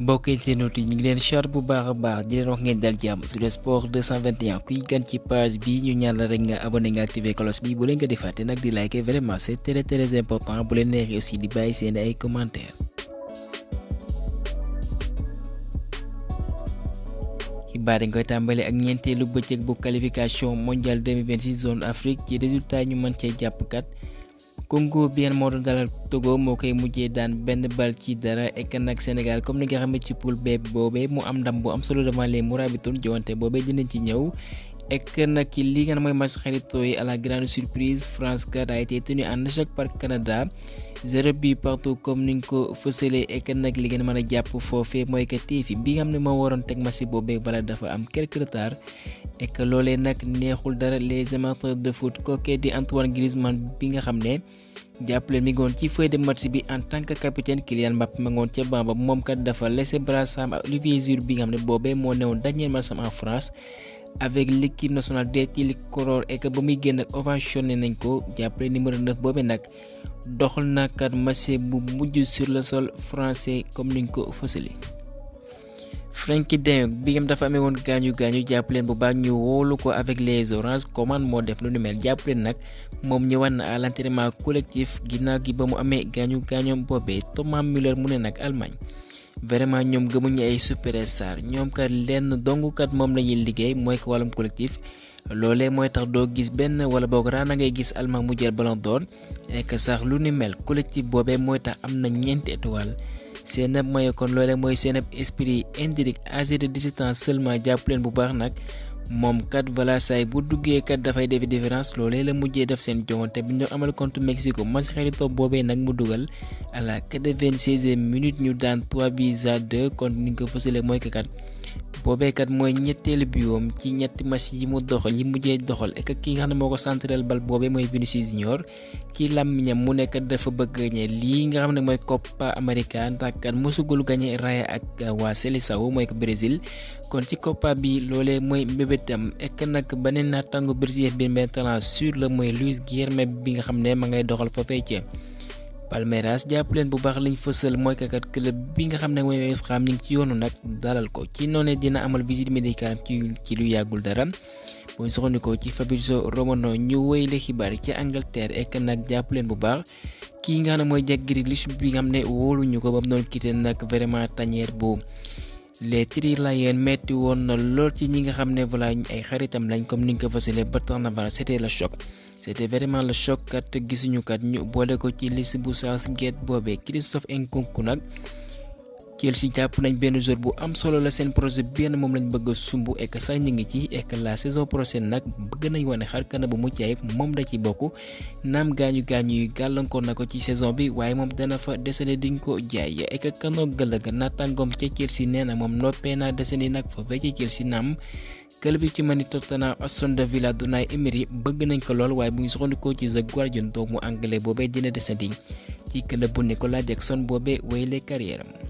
mbokk internet yi ñu ngi leen char bu baax baax di leen wax ngeen dal jàmm sur le sport 221 kuy gan ci page bi ñu ñaan rek nga abonné nga activer cloche bi bu leen di fàtte di liker vraiment eh, c'est très très important bu leen neexee aussi di bàyyi seen ay commentaires. xibaar yi koy tàmbali ak ñeenteelu bëccëg bu qualification mondial 2026 zone Afrique ci résultat ñu mën kat. Congo bien moo doon dalal Togo moo koy mujjee daan benn bal ci dara ek nag Sénégal comme ni nga xamee ci poule B boobee mu am ndam bu am solo devant mu Mourabitoun joonte boobee dinañ ci ñëw Eka ki li nga mooy match ala yi la grande surprise France Canada ay été tenue en échec par Canada 0 bi partout comme niñ ko fësalee ek nag li ngeen mën a jàpp foofee mooy que tiifi bi nga xam ne moo waroon teg masi boobee bala dafa am quelque retard ek loolee nag neexul dara les amateurs de foot kookee di Antoine Griezmann bi nga xam ne le mi gon ci feuille de match bi en tant que capitaine Kylian Mbappé ma ngoon ca bamba moom kat dafa laissé bras sam Olivier Giroud bi nga ne boobee moo newoon dernier match en France avec l'équipe nationale des Télécolores et que ba muy génn ak nañ ko jàppale numéro 9 boobee nag doxal na kat match bu mujj sur le sol francais comme niñ ko fësale. Frenkie de bi bi dafa amee woon gaañu gaañu jàppaleen bu baax ñu woolu ko avec les Oranges Coman moo def lu nu jàppaleen nag moom ñëwaat na à l'entraînement collectif ginnaaw gi ba mu amee gaañu gaañoom boobee Thomas Müller mu ne nag Allemagne. vraiment ñoom gëmuñu ay superstar ñoom kat lenn dongkat moom la liggéey mooy ko wàllum collectif loolee mooy tax doo gis benn wala boog raana ngay gis Allemand mu jël Ballon d'Or nekk sax lu ni mel collectif boobee mooy tax am na ñeenti étoile seen ab mayo kon loolee mooy seen ab esprit indirect âgé de 17 ans jàpp leen bu baax nag. moom kat voilà saay bu duggee kat dafay def différence loolee la mujjee def seen joŋante bi ñu amal contre Mexico match xaritoo boobee nag mu dugal à la quatre-vingt-seizième minute ñu daan 3 buts à 2 kon ni ñu ko fësalee mooy que kat. boobeekat mooy ñetteelu biwoom ci ñetti match yi mu doxal yi mujjee doxal ek ki nga xam ne moo bal boobee mooy Vinicius Junior ci làmmiñam mu nekk dafa bëgg gañe lii nga xam ne mooy Copa America ndax kat mosugul gañe raaya ak waa Seleção mooy ko Brésil kon ci Copa bi loolee mooy mbébétam ek nag beneen naataango Brésil bi benn talent sur la mooy Luis Guilherme bi nga xam ne ma ngay doxal foofee ca Palmeiras jàppaleen bu baax liñ fësal mooy kakat club bi nga xam ne mooy West Ham ñu ngi ci yoonu nag dalal ko ci noonu dina amal visite médicale ci ci lu yàggul dara bu ñu soxandikoo ci Fabrizio Romano ñu wéyle xibaar ci Angleterre ek nag jàpp leen bu baax kii nga xam ne mooy Jack Grealish bi nga xam ne wóoluñu ko ba mu doon quitté nag vraiment tanière boobu. les tri layen metti woon na lool ci ñi nga xam ne voilà ay xaritam lañ comme ni nga ko fësalee ba tax na voilà c'était la choc. c'était vraiment le choc kat gisuñu kat ñu boole ko ci liste bu Southgate boobee Christophe Nkunku nag. Chelsea jàpp nañ benn jour bu am solo la seen projet benn moom lañ bëgg sumb ek sax ñu ngi ci ek la saison prochaine nag bëgg nañ wane xar bu mu ayib moom da ci bokk naam gaañu gaañu yu gàllankoor na ko ci saison bi waaye moom dana fa desandi duñ ko jaay ek kanoo gëllëg naataangoom ca Chelsea nee na moom noppee naa desandi nag fa ba ca Chelsea naam club bi ci mani Tottenham Aston Villa Unai Emery bëgg nañ ko lool waaye bu ñu soxandikoo ci The Guardian doomu anglais boobee dina desandi ci club bu Nicolas Jackson boobee wéyale carrière am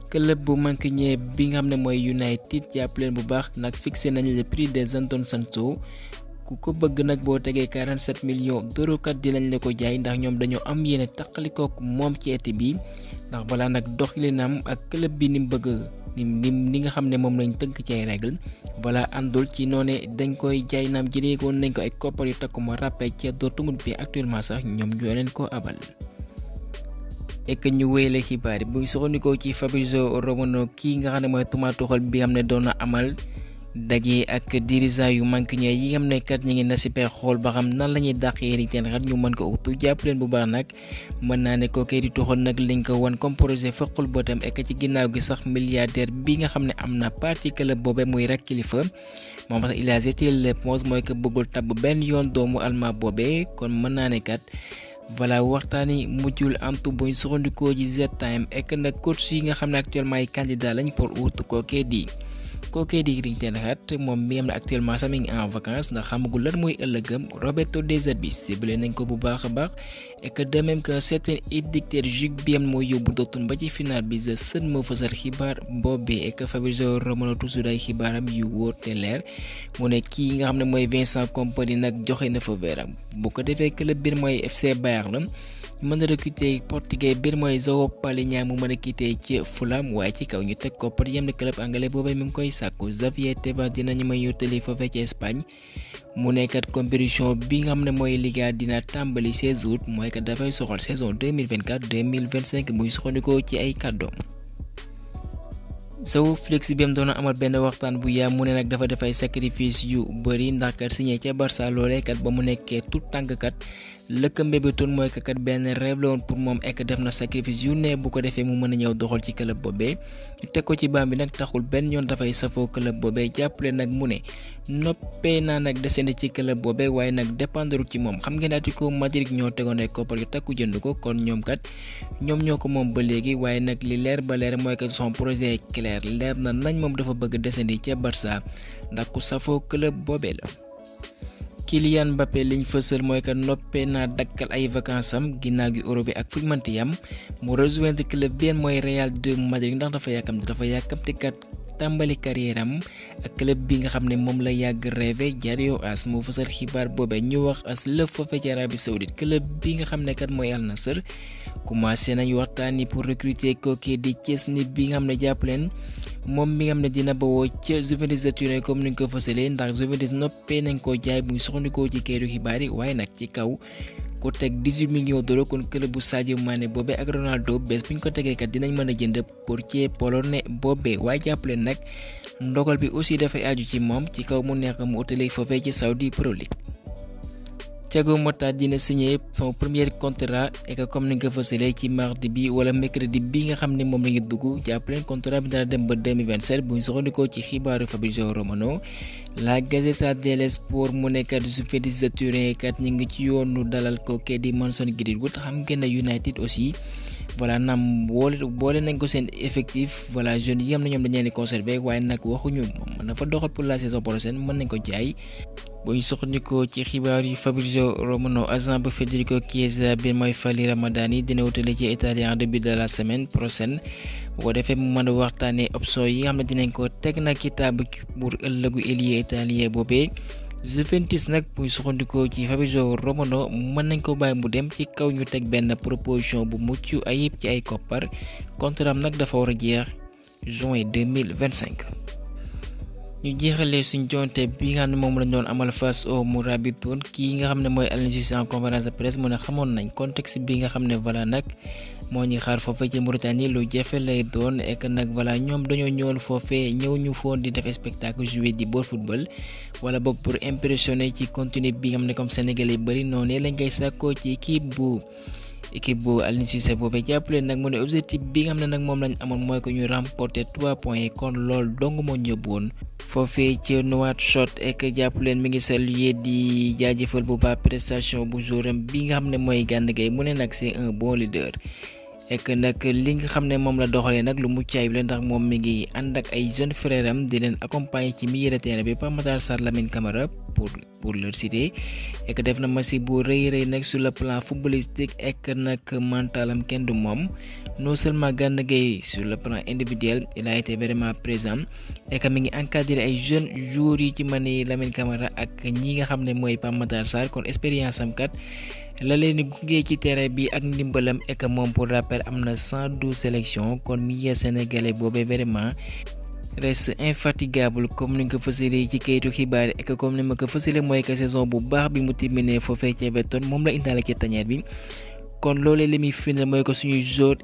club bu mankiñe bi nga xam ne mooy United jàpp leen bu baax nag fixé nañ le prix des Jadon Sancho ku ko bëgg nag boo tegee 47 millions d'euros kat dinañ la ko jaay ndax ñoom dañoo am yéene taqalikook moom ci été bi ndax balaa nag doxalinam ak club bi ni mu bëgg ni nim ni nga xam ne moom lañ tënk ci ay règle balaa àndul ci noone dañ koy jaay naam jëlee woon nañ ko ay koppar yu takku ma ràppee ca Dortmund bi actuellement sax ñoom ñoo leen ko abal. ek ñu wéyale xibaar yi bu sukkandikoo ci Fabrizio Romano kii nga xam ne mooy Thomas Tuchel bi xam ne doon na amal daje ak dirigeant yu Mancunien yi nga xam ñu ngi na si xool ba xam nan la ñuy dàq Erik ten Hag mën ko utu jàpp leen bu baax nag mën naa ne koo kay di Tuchel nag liñ ko wan comme projet fëqul bootam ek ci ginnaaw gi sax milliardaire bi nga xam ne am na parti club boobe muy rek kilifa moom sax il a jeté mooy ko bëggul tabb benn yoon doomu almaa boobe kon mën naa ne kat. voilà waxtaan yi mujjul am tu buñ suxandikoo ji Z Time ek nag coach yi nga xam ne actuellement ay candidat lañ pour ut kookee di kookee di Green Ten Hag moom mi am na actuellement sax en vacances ndax xamagul lan mooy ëllëgam Roberto De Zerbi ciblé nañ ko bu baax a baax et que de même que certain édicteur Jules Biam mooy yóbbu Dortmund ba ci final bi de sën moo fësal xibaar boobee et que Fabrizio Romano toujours ay xibaaram yu wóor te leer mu ne kii nga xam ne mooy Vincent Kompany nag joxe na fa weeram bu ko defee club bi mooy FC Bayern la. mën a recruter portugais biir mooy João Palhinha mu mën a quitté ci Fulham waaye ci kaw ñu teg ko pour yenn club anglais boobee mi ngi koy sàkku Javier Tebas dinañu may yottali foofee ci Espagne mu nekkat compétition bi nga xam ne mooy Liga dina tàmbali 16 août mooy kat dafay soxal saison 2024 2025 muy soxandikoo ci ay kàddoom. João Félix bi mu doon amal benn waxtaan bu yaa mu ne nag dafa def ay sacrifice yu bëri ndax kat signé ca Barça loolee kat ba mu nekkee tout tànk kat lëkk mbébétoon mooy kat benn rêve pour moom ek def na sacrifice yu ne bu ko defee mu mën a ñëw doxal ci club boobee ñu teg ko ci baam bi nag taxul benn yoon dafay safoo club boobee jàppale nag mu ne noppee naa nag desandi ci club boobe waaye nag dépendre ci moom xam ngeen Atlético Madrid ñoo tegoon ay koppar yu takku jënd ko kon ñoom kat ñoom ñoo ko moom ba léegi waaye nag li leer ba leer mooy que son projet clair leer na nañ moom dafa bëgg desandi ca Barça ndax ku safoo club boobe la. Kylian Mbappé liñ fësal mooy que noppee naa dakkal ay vacances am ginnaaw gi Europe bi ak fuñ mënti yam mu rejoindre club benn mooy Real de Madrid ndax dafa yàkkamti dafa yàkkamti kat tàmbali carrière am ak club bi nga xam ne moom la yàgg rêvé Diario AS moo fësal xibaar boobee ñu wax AS lëf foofe ci Arabie Saoudite club bi nga xam ne kat mooy na Nassr commencé nañu waxtaan yi pour recruter kooki di nit bi nga xam ne jàpp leen moom mi nga xam ne dina bawoo ca Juventus de Turin comme ni ñu ko fësalee ndax Juventus noppee nañ koo jaay bu ñu soxnikoo ci kayitu xibaar yi waaye nag ci kaw ko teg 18 millions d'euros kon club bu Sadio Mané boobee ak Ronaldo bés bu ñu ko tegee kat dinañ mën a jënd portier polonais boobee waaye jàpp leen nag ndogal bi aussi dafay aju ci moom ci kaw mu neex mu utali foofee ci Saudi Pro League Thiago Motta dina signé son premier contrat et que comme ni nga ko fësalee ci mardi bi wala mercredi bi nga xam ne moom la ñu dugg jàppaleen contrat bi dana dem ba 2027 bu ci xibaaru Fabrizio Romano la Gazzetta dello Sport mu nekkat superviseur kat ñu ngi ci yoonu dalal kooke di Mason Greenwood xam ngeen ne United aussi. voilà naam woole boole nañ ko seen effectif voilà jeunes yi am na ñoom dañ leen di conserver waaye nag waxuñu moom mën na fa doxal pour la mën nañ ko jaay. bu ñu sukkandikoo ci xibaar yi Fabrizio Romano agent bu Federico Chiesa bi mooy Fali Ramadani dina wutale ci italien début de la semaine prochaine bu defee mu mën a waxtaanee option yi nga xam ne dinañ ko teg nag ci table pour ëllëgu ailier italien boobee. Juventus nag muy suxandikoo ci Fabrizio Romano mën nañ ko bàyyi mu dem ci kaw ñu teg benn proposion bu mucc ayib ci ay koppar contrat am nag dafa war a jeex juin 2025 ñu jeexalee suñ jonte bi nga xam ne moom la doon amal face au Mourabitoun kii nga xam ne mooy Aliou Cissé en conférence de presse mu ne xamoon nañ contexte bi nga xam ne voilà nag moo ñuy xaar foofee ci Mauritanie lu jafe lay doon ek nag voilà ñoom dañoo ñëwoon foofee ñëw ñu foon di def spectacle joué di boor football wala boog pour impressionner ci continue bi nga xam ne comme Sénégalais yi bëri noonu lañ koy sàkkoo ci kii bu. équipe bu Aliou Cissé boobee jàppale nag mu ne objectif bi nga xam ne nag moom lañ amoon mooy ko ñu remporter trois points yi kon lool dong moo ñëbb woon foofee ci Nouakchott ek jàpp leen mi ngi saluer di jaajëfal bu baax prestation bu am bi nga xam ne mooy Gana Gueye mu ne nag c'est un bon leader ek nag li nga xam ne moom la doxalee nag lu mucc ayib la ndax moom mi ngi ànd ak ay jeunes frères am di leen accompagner ci milieu de terrain bi Pape Matar Camara pour, pour leur cité et que def na ma si bu rëy rëy nag sur le plan footballistique ek nag mentalam kenn du moom non seulement Gana Gueye sur le plan individuel il a été vraiment présent et que mi ngi ay e jeunes joueurs yi ci Lamine Camara ak ñi nga Matar kon expérience am kat la leen gungee ci terrain bi ak ndimbalam et que moom pour rappel 112 sélection kon milieu sénégalais boobee vraiment reste infatigable comme ni nga ko fësalee ci kayitu xibaar yi ak comme ni ma ko fësalee mooy que saison bu baax bi mu terminé foofee ci Everton moom la indaale ci tañeer bi kon loolee li muy firndeel mooy que suñuy joueur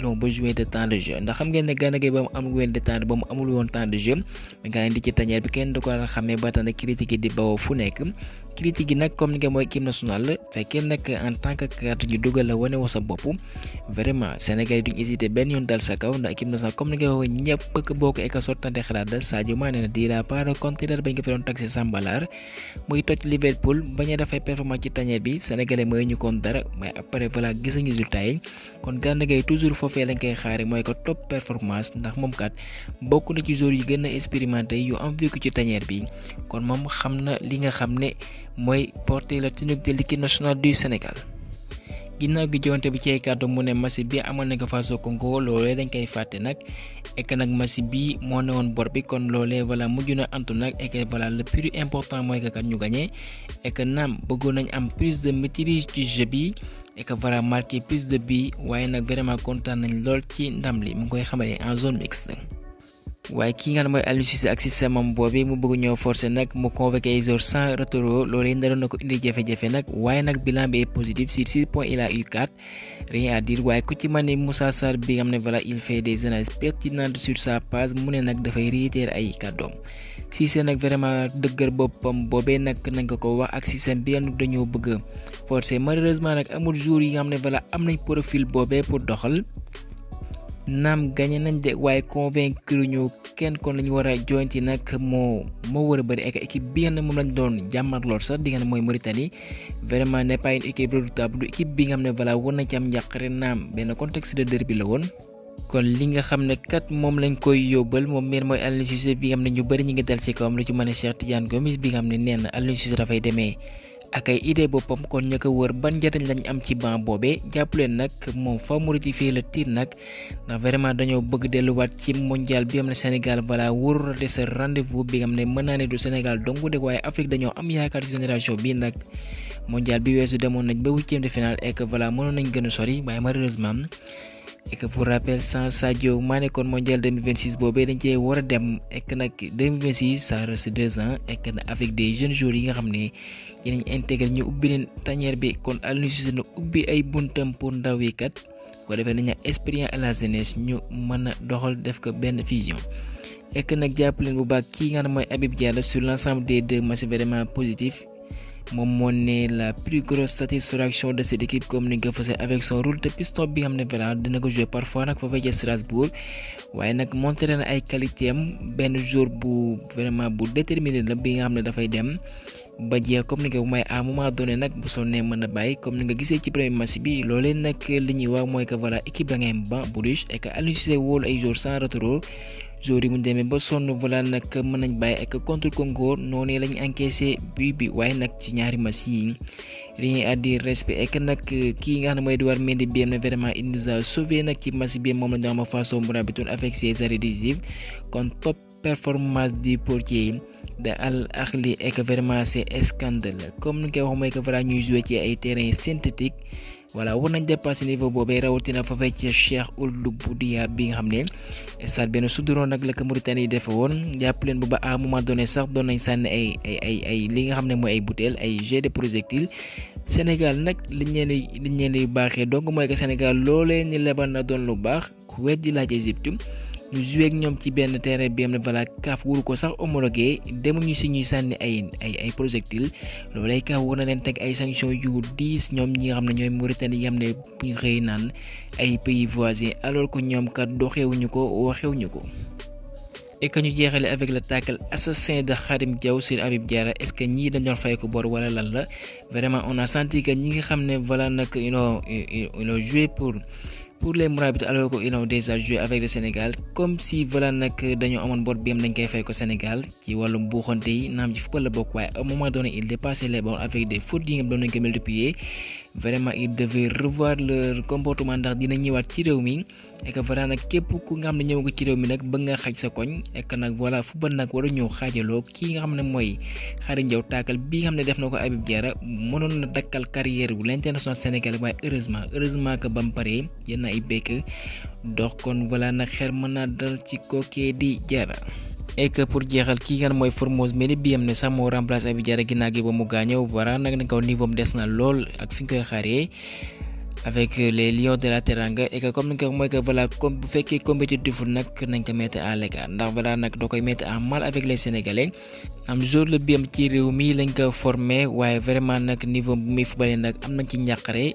l'ont ba joué de temps de jeu ndax xam ngeen ne Gana Gueye ba mu am wér de temps ba mu amul woon temps de jeu mais gars yi ci tañeer bi kenn du ko daan ba tax critique yi di bawoo fu nekk. critiquer nak comme nga mooy équipe nationale fekkee nag en tant que carte ju dugal la wane woo sa vraiment Sénégal duñ hésité benn yoon dal sa kaw ndax équipe nationale comme nga waxee ñëpp bëgg boo ko eka sottante Sadio Mané na di la bañ Sambalar muy toj Liverpool performance ci bi sénégalais mooy ñu koon dara mais après voilà gis nañu résultat yi kon Gana Gueye toujours foofee lañ koy xaare mooy ko top performance ndax kat na ci joueurs yi gën expérimenté yu am vécu ci bi kon moom xam li nga mooy porter le tunique de l'équipe nationale du Sénégal. ginnaaw gi jonte bi ci kàddu mu ne match bi amoon na ko Faso Congo loolee dañ koy fàtte nag ek nag match bi moo ne woon bor bi kon loole voilà mujj na antu nag ek voilà le plus important mooy que kat ñu gagné ek naam bëggoon nañ am plus de maîtrise ci jeu bi ek voilà marqué prise de bi waaye nag vraiment kontaan nañ lool ci ndam li mu ngi koy xamale en zone mixte. waaye ki nga xam ne mooy Aliou Cissé ak système am mu bëgg ñëw forcé nag mu convoqué ay joueurs sans retour loolee ndaroon na ko indi jafe-jafe nag waaye nag bilan bi est positif sur six points il a eu quatre rien waaye ku ci mën ne Moussa Sarr bi nga xam ne voilà il fait des analyses pertinentes sur sa passe ne nag dafay réitérer ay kàddoom Cissé nag vraiment dëgër boppam boobe nag nañ ko ko wax ak système bi dañoo bëgg forcé malheureusement nag amul jour yi nga xam ne voilà am nañ profil boobe pour doxal. naam gagné nañ de waaye convaincre ñu kenn kon lañu war a jointi nag moo moo war a bëri ak équipe bi nga xam ne moom lañ doon jàmmarlool sax di nga xam mooy Mauritanie vraiment n'est pas une équipe bi nga xam ne voilà war na ci am njàqare naam benn contexte de derby la woon. kon li nga xam ne kat moom koy yóbbal moom miin mooy Aliou Cissé bi nga xam ne ñu bëri ñu ngi dal ci kawam lu ci mën a Cheikh Gomis bi nga xam ne nee na Aliou Cissé dafay demee. ak ay idée boppam kon ña ko wër ban njëriñ lañ am ci ban boobe jàpp leen nag moom fa mu rectifier la tiit nag ndax vraiment dañoo bëgg delluwaat ci mondial bi am ne Sénégal voilà wóorul de sa rendez-vous bi nga xam ne mën naa ne du Sénégal dong de waaye Afrique dañoo am yaakaar ci génération bi nag mondial bi weesu demoon nañ ba huitième de finale et que voilà mënoon nañ gën a sori waaye malheureusement. et que pour rappel sans Sadio Mané kon mondial 2026 boobee dañ cee war a dem et nag 2026 ça ans et que avec des jeunes joueurs yi nga xam ne dinañ intégrer ñu ubbi leen tanière bi kon Aliou Cissé ubbi ay buntam pour ndaw yi kat bu ko defee nañu expérience à la jeunesse ñu mën a doxal def ko benn fusion. et que nag jàpp leen bu baax kii nga ne mooy Habib Diallo sur l' ensemble des deux matchs vraiment positif. moom moo ne la plus grosse satisfaction de cette équipe comme ni nga avec son rôle de piston bi nga xam ne vraiment dina ko jouer parfois nag foofee ca Strasbourg waaye nag montré na ay qualité benn jour bu vraiment bu déterminé la bi nga xam ne dafay dem ba jeex comme may à moment donné nag bu sonnee mën a bàyyi comme ni nga gisee ci premier match bi loolee nag li ñuy mooy que voilà équipe da ngay ba bu riche et que Aliou jour yi mu demee ba sonn voilà nag mën nañ bàyyi ak contre Congo noonu lañ encaissé but bi waaye nag ci ñaari match yi rien à dire respect ek nag kii nga xam ne mooy Edouard Mendy bi na vraiment il nous a sauvé nag ci match bi moom la ñu doon am façon mu rabitoon avec ses arrêts décisifs kon top performance du portier de al ak lii est que vraiment c'est scandaleux comme ni koy wax mooy ñuy joué ci ay terrains synthétiques voilà war nañ niveau boobee rawatina fa fay ci Cheikh Ould Boudia bi nga xam ne stade benn suduroon nag la ko Mauritanie yi defe woon jàpp leen bu ba à moment donné sax doon nañ sànni ay ay ay li nga xam ne mooy ay butéel ay jet de projectile Sénégal nag liñ leen di liñ leen di baaxee donc mooy que Sénégal loolee ñu lebal na doon lu baax ku wet di laaj ñu joué ñoom ci benn terrain bi am na balaa kaaf wuru ko sax homologué demuñu si ñuy sànni ay ay ay projectiles loolee kaaf war na leen teg ay sanctions yu diis ñoom ñi nga xam ne ñooy Mauritanie yi am ne bu ñu xëy naan ay pays voisins alors que ñoom kat ñu ko waxewuñu ko. et ñu jeexale avec le tackle assassin de Khadim Diaw sur Habib Diarra est-ce que ñii dañu doon fay ko bor wala lan la vraiment on a senti que ñi nga xam ne voilà nag ils ont ils pour. pour les Mourabit alors qu'ils ont déjà joué avec le Sénégal comme si voilà nag dañoo amoon bor bi am dañ koy fay ko Sénégal ci wàllum buuxante yi naam ci football la bokk À au moment donné il dépassait les bornes avec des fautes yi nga doon nañ ko multiplier vraiment il devait revoir leur comportement ndax dina ñëwaat ci réew mi et que képp ku nga xam ne ñëw nga ci réew mi nag bëgg nga xaj sa koñ et que nag voilà football nag war a ñëw xaajaloo kii nga xam ne mooy Khadim njaw taakal bi xam ne def na ko Habib Diarra mënoon na dakkal carrière wu l'international sénégalais waaye heureusement heureusement que ba mu paree yenn ay bekk dox kon voilà nag xel mën naa dal ci kookee di Diarra et pour jeexal kii kan mooy Formose Mendy bi ne sax moo remplacé Habib Diarra ginnaaw gi ba mu gaañoo Varane nag nag niveau des na lool ak fi ñu koy xaaree avec les lions de la Teranga et que comme ni nga ko mooy que balaa comme bu fekkee compétitif nag nañ ko mettre à l'écart ndax balaa nag doo koy mettre en mal avec les sénégalais am jour la bi am ci réew mii lañ ko formé waaye vraiment nag niveau bu muy fubalee nag am nañ ci njàqare.